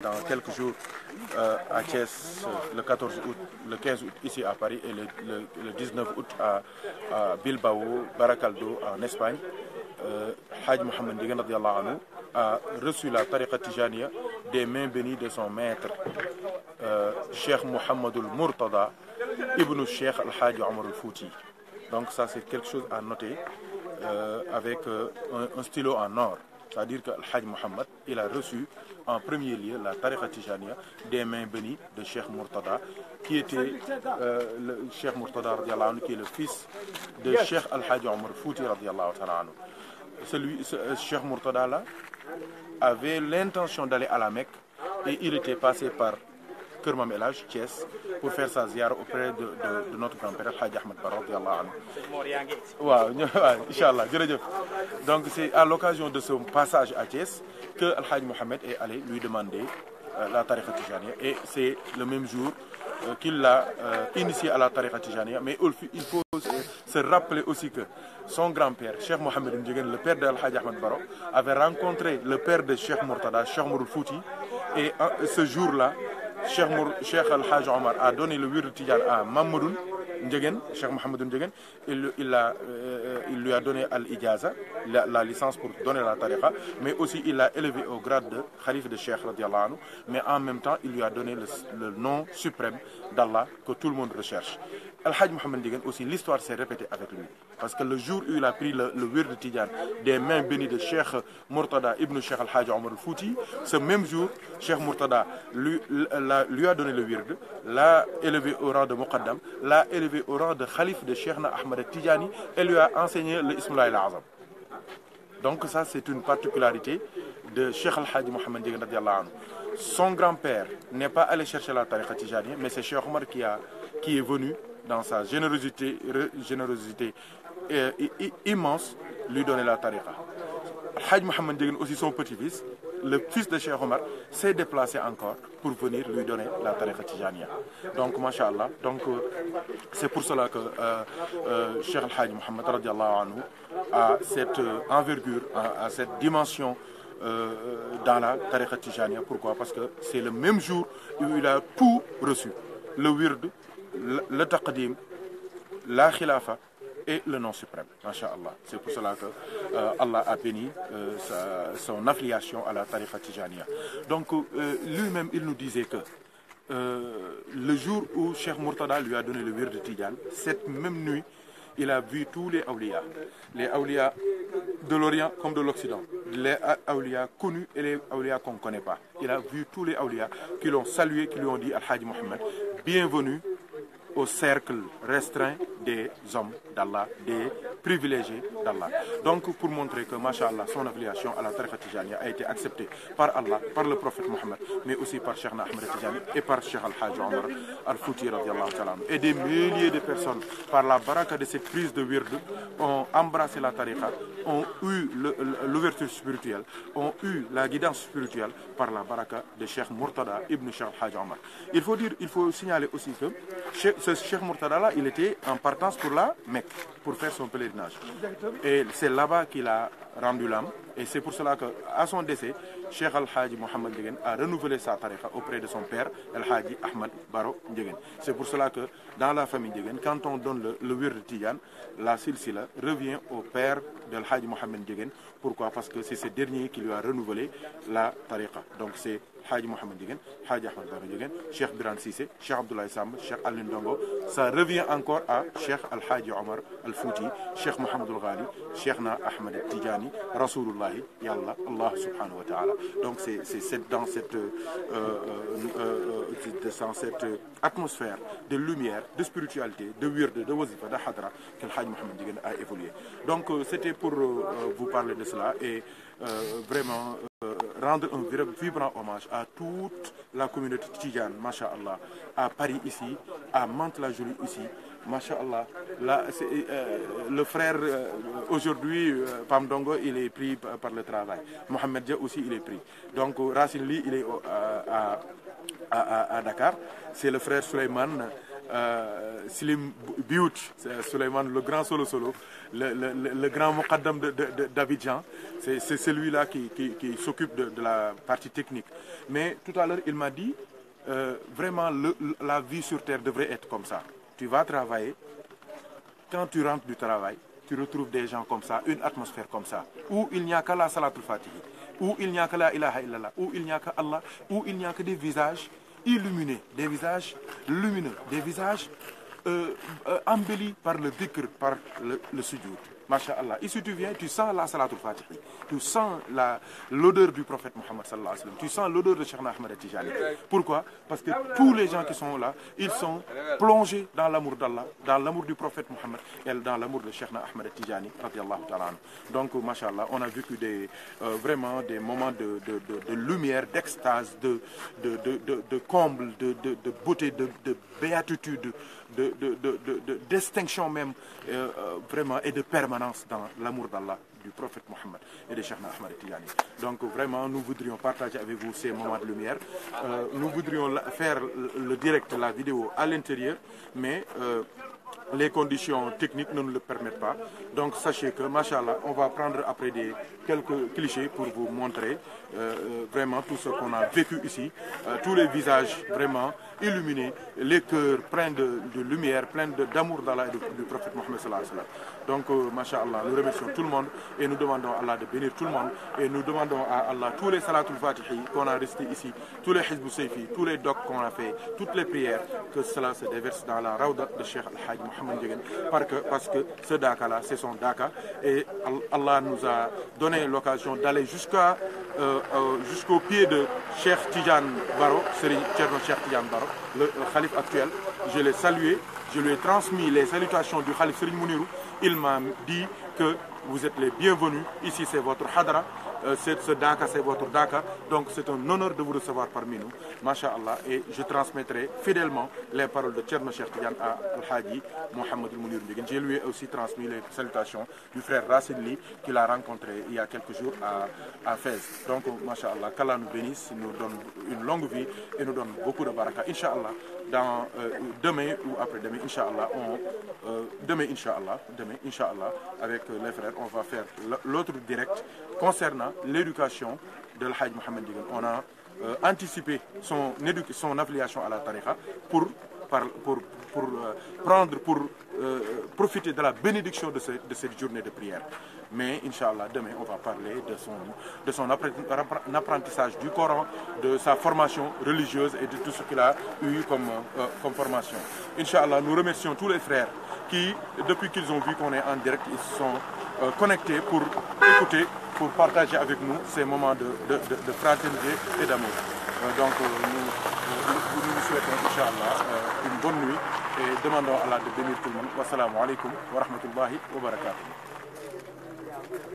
Dans quelques jours, euh, à Thiès, euh, le 14 août, le 15 août ici à Paris et le, 19 août à, Bilbao, Baracaldo en Espagne, euh, Mohamed a reçu la tariqa Tijania des mains bénies de son maître, euh, Cheikh Mohamedul Murtada, Ibn Cheikh Al-Hajj Omar Al-Fouti. Donc ça c'est quelque chose à noter euh, avec un, stylo en or. C'est-à-dire que Al-Hajj Mohamed, il a reçu en premier lieu la Tariqa Tijania des mains bénies de Cheikh Murtada, qui était euh, le Cheikh Murtada, qui est le fils de Cheikh Al-Hajj Omar Fouti. ce, euh, Cheikh Murtada là, avait l'intention d'aller à la Mecque et il était passé par pour faire sa ziar auprès de, notre grand-père, Hadj Ahmed Barra. Donc c'est à l'occasion de ce passage à Thiès que Al-Hajj Mohamed est allé lui demander euh, la tariqa tijaniya. Et c'est le même jour euh, qu'il l'a euh, initié à la tariqa tijaniya. Mais il faut se rappeler aussi que son grand-père, Cheikh Mohamed Mdjegen, le père d'Al-Hajj Ahmed Baro, avait rencontré le père de Cheikh Murtada, Cheikh Fouti et ce jour-là, Cheikh, Mour, Cheikh Al Hajj Omar a donné le 8 Tidjan à Mamadou Cheikh Mohamed euh, euh, il, lui a donné Al-Ijaza, la, licence pour donner la tariqa, mais aussi il l'a élevé au grade de Khalif de Cheikh, mais en même temps, il lui a donné le, nom suprême d'Allah que tout le monde recherche. Al-Hajj Mohamed aussi, l'histoire s'est répétée avec lui. Parce que le jour où il a pris le, le de Tidjan des mains bénies de Cheikh Murtada ibn Cheikh Al-Hajj Omar al-Fouti, ce même jour, Cheikh Murtada lui, a donné le wird, l'a élevé au rang de Muqaddam, l'a élevé au rang de calife de Cheikhna Ahmed Tidjani et lui a enseigné le Ismail Azam. Donc ça, c'est une particularité de Cheikh Al-Hadi Mohamed Son grand-père n'est pas allé chercher la tariqa Tidjani, mais c'est Cheikh Omar qui, a, qui est venu dans sa générosité, générosité euh, immense lui donner la tariqa. Al-Hadi Mohamed aussi son petit-fils, le fils de Cheikh Omar s'est déplacé encore pour venir lui donner la tariqa Tijania. Donc, machallah, donc euh, c'est pour cela que euh, euh, Cheikh Al-Hajj Mohammed a cette euh, envergure, a, cette dimension euh, dans la tariqa Tijania. Pourquoi Parce que c'est le même jour où il a tout reçu. Le wird, le, taqdim, la Khilafah et le nom suprême. Masha'Allah. C'est pour cela que euh, Allah a béni euh, son affiliation à la tarifa Tijaniya. Donc euh, lui-même, il nous disait que le jour où Cheikh Murtada lui a donné le verre de Tijan, cette même nuit, il a vu tous les awliya, Les Aulia de l'Orient comme de l'Occident. Les Aulias connus et les awliya qu'on ne connaît pas. Il a vu tous les awliya qui l'ont salué, qui lui ont dit al Hadi Mohammed, bienvenue au cercle restreint des hommes d'Allah, privilégié d'Allah. Donc pour montrer que mashallah, son affiliation à la Tariqa Tijani a été acceptée par Allah, par le prophète Mohammed, mais aussi par Cheikh Ahmed Tijani et par Cheikh Al-Hajj Omar Al-Fouti et des milliers de personnes par la baraka de cette prise de wird ont embrassé la Tariqa, ont eu l'ouverture spirituelle, ont eu la guidance spirituelle par la baraka de Cheikh Murtada ibn Cheikh Al-Hajj Omar. Il faut dire, il faut signaler aussi que ce Cheikh Murtada là, il était en partance pour la Mecque, pour faire son plaisir et c'est là-bas qu'il a rendu l'âme. Et c'est pour cela qu'à son décès, Cheikh al hadi Mohamed a renouvelé sa tariqa auprès de son père, al hadi Ahmed Baro C'est pour cela que dans la famille Ndegen, quand on donne le, le de la silsila revient au père dal Hadi Mohamed Pourquoi Parce que c'est ce dernier qui lui a renouvelé la tariqa. Donc c'est Hadji Mohamed Dieguène Hadji Ahmed Bara Cheikh Biran Cissé Cheikh Abdoulaye Samba, Cheikh Ndongo ça revient encore à Cheikh Al haji Omar Al Fouti Cheikh al Ghali Cheikh na Ahmed Tidjani Rasulullah, yalla Allah subhanahu wa ta'ala donc c'est c'est dans cette euh, euh, euh, dans cette atmosphère de lumière de spiritualité de wird de wazifa de hadra que Haji Mohamed Dieguène a évolué donc c'était pour vous parler de cela et vraiment euh, rendre un vibrant hommage à toute la communauté tchidjane, à Paris ici, à Mantes-la-Jolie ici, masha'Allah. Euh, le frère, euh, aujourd'hui, aujourd'hui, Dongo, il est pris par le travail. Mohamed Dia aussi, il est pris. Donc, Racine il est à, Dakar. C'est le frère Suleiman euh, Slim Biout, Suleiman, le grand solo solo, le, le, le grand David d'Abidjan. C'est celui-là qui, s'occupe de, la partie technique. Mais tout à l'heure, il m'a dit, euh, vraiment, la vie sur Terre devrait être comme ça. Tu vas travailler, quand tu rentres du travail, tu retrouves des gens comme ça, une atmosphère comme ça, où il n'y a qu'à la salatul fatih, où il n'y a que la ilaha illallah, où il n'y a que Allah, où il n'y a que des visages illuminé des visages lumineux, des visages euh, euh, embellis par le décor, par le, le Masha'Allah. Ici, tu viens, tu sens la salatul fatih. Tu sens l'odeur du prophète Mohammed sallallahu alayhi wa Tu sens l'odeur de Cheikh Ahmed Tijani. Pourquoi Parce que tous les gens qui sont là, ils sont plongés dans l'amour d'Allah, dans l'amour du prophète Mohammed et dans l'amour de Cheikh Ahmed Tijani. Donc, Masha'Allah, on a vécu des, euh, vraiment des moments de, de, lumière, d'extase, de, de, comble, de, beauté, de, béatitude, de, distinction même, euh, euh, vraiment, et de permanence dans l'amour d'Allah, du prophète Mohammed et de Cheikh Ahmad tiyani Donc vraiment, nous voudrions partager avec vous ces moments de lumière. Euh, nous voudrions faire le direct, la vidéo à l'intérieur, mais... Euh, les conditions techniques ne nous le permettent pas. Donc sachez que, machallah, on va prendre après des quelques clichés pour vous montrer euh, euh, vraiment tout ce qu'on a vécu ici, euh, tous les visages vraiment illuminés, les cœurs pleins de, lumière, pleins d'amour d'Allah et du, prophète Mohammed sallallahu Donc, euh, machallah, nous remercions tout le monde et nous demandons à Allah de bénir tout le monde et nous demandons à Allah tous les salatul fatihi qu'on a resté ici, tous les hizbou tous les docs qu'on a fait, toutes les prières, que cela se déverse dans la rauda de Cheikh Al-Hajj parce que, ce Dakar-là, c'est son Dakar. Et Allah nous a donné l'occasion d'aller jusqu'à euh, euh, jusqu'au pied de Cheikh Tijan Baro, Cheikh Tijan Baro, le, le actuel. Je l'ai salué, je lui ai transmis les salutations du calife Serigne Mounirou. Il m'a dit que vous êtes les bienvenus. Ici, c'est votre Hadra, euh, c'est ce Daka, c'est votre Daka. Donc, c'est un honneur de vous recevoir parmi nous, Masha'Allah. Et je transmettrai fidèlement les paroles de Tcherno Cheikh à Al-Hadi Mohamed Mounir je lui aussi transmis les salutations du frère rasidli qu'il a rencontré il y a quelques jours à, à Fès. Donc, Masha'Allah, qu'Allah nous bénisse, nous donne une longue vie et nous donne beaucoup de baraka. Inch'Allah, dans, euh, demain ou après-demain, Inch'Allah, euh, demain, Inch'Allah, demain, Inch'Allah, avec les frères, on va faire l'autre direct concernant l'éducation de l'Hajj Mohamed On a euh, anticipé son, son affiliation à la tariqa pour, pour, euh, prendre, pour euh, profiter de la bénédiction de, de, cette journée de prière. Mais Inch'Allah, demain, on va parler de son, de son apprentissage du Coran, de sa formation religieuse et de tout ce qu'il a eu comme, comme formation. Inch'Allah, nous remercions tous les frères qui, depuis qu'ils ont vu qu'on est en direct, ils se sont euh, connectés pour écouter, pour partager avec nous ces moments de, fraternité et d'amour. Euh, donc euh, nous, nous souhaitons, Inch'Allah, une bonne nuit et demandons à Allah de bénir tout le monde. Wassalamu alaikum wa rahmatullahi wa barakatuh.